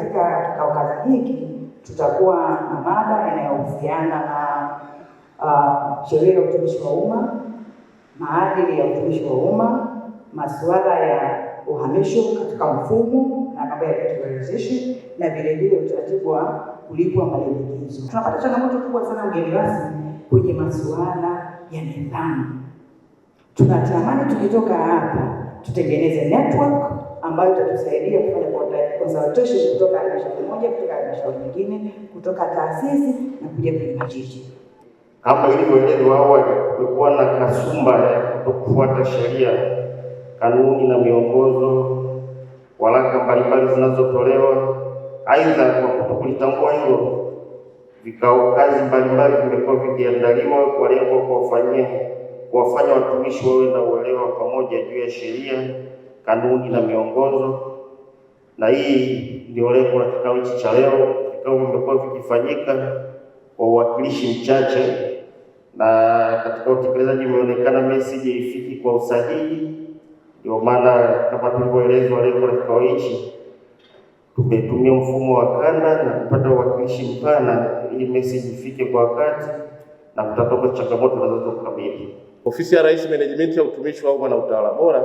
katika kikao kazi hiki tutakuwa na mada inayohusiana na uh, sheria ya utumishi wa umma, maadili ya utumishi wa umma, masuala ya uhamisho katika mfumo na mambo ya regulation na vile vile utaratibu wa kulipwa malimbikizo. Tunapata changamoto kubwa sana mgeni rasmi kwenye masuala ya nidhamu. Tunatamani tukitoka hapa tutengeneze network ambayo itatusaidia kufanya consultation kutoka halmashauri moja, kutoka halmashauri nyingine, kutoka taasisi na kuja kwenye majiji. Kama ilivyoelezwa wao walikuwa na kasumba ya kutokufuata sheria, kanuni na miongozo, waraka mbalimbali zinazotolewa. Aidha, kwa kutokulitambua hilo, vikao kazi mbalimbali vimekuwa vikiandaliwa kwa lengo kuwafanyia kuwafanya watumishi wawe na uelewa pamoja juu ya sheria, kanuni na miongozo. Na hii ndio lengo la kikao hichi cha leo. Vikao vimekuwa vikifanyika kwa uwakilishi mchache, na katika utekelezaji umeonekana meseji ifiki kwa usahihi. Ndio maana kama tulivyoelezwa, lengo la kikao hichi tumetumia mfumo wa kanda na kupata uwakilishi mpana ili meseji ifike kwa wakati na kutatoka changamoto zinazokabili Ofisi ya Rais Menejimenti ya Utumishi wa Umma na Utawala Bora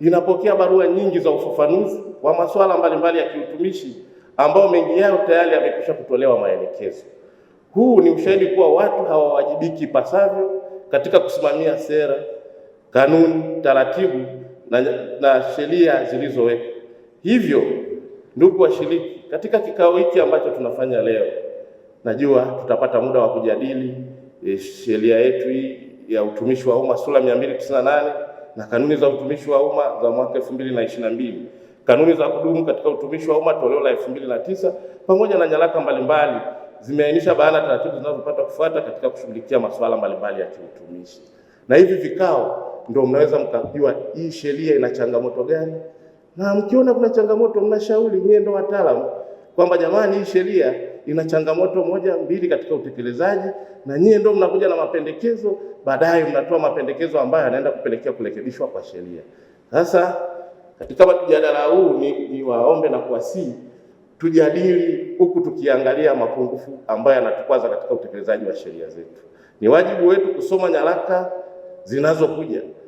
inapokea barua nyingi za ufafanuzi wa masuala mbalimbali ya kiutumishi ambao mengi yao tayari yamekwisha kutolewa maelekezo. Huu ni ushahidi kuwa watu hawawajibiki ipasavyo katika kusimamia sera, kanuni, taratibu na, na sheria zilizowekwa. Hivyo ndugu washiriki, katika kikao hiki ambacho tunafanya leo, najua tutapata muda wa kujadili e, sheria yetu hii ya utumishi wa umma sura 298 na kanuni za utumishi wa umma za mwaka 2022, kanuni za kudumu katika utumishi wa umma toleo la 2009, pamoja na nyaraka mbalimbali zimeainisha bayana taratibu zinazopata kufuata katika kushughulikia masuala mbalimbali ya kiutumishi. Na hivi vikao ndio mnaweza mkajua hii sheria ina changamoto gani, na mkiona kuna changamoto mnashauri, nyie ndio wataalamu kwamba jamani, hii sheria ina changamoto moja mbili katika utekelezaji, na nyie ndio mnakuja na mapendekezo, baadaye mnatoa mapendekezo ambayo yanaenda kupelekea kurekebishwa kwa sheria. Sasa katika mjadala huu ni, ni waombe na kuwasii tujadili huku tukiangalia mapungufu ambayo yanatukwaza katika utekelezaji wa sheria zetu. Ni wajibu wetu kusoma nyaraka zinazokuja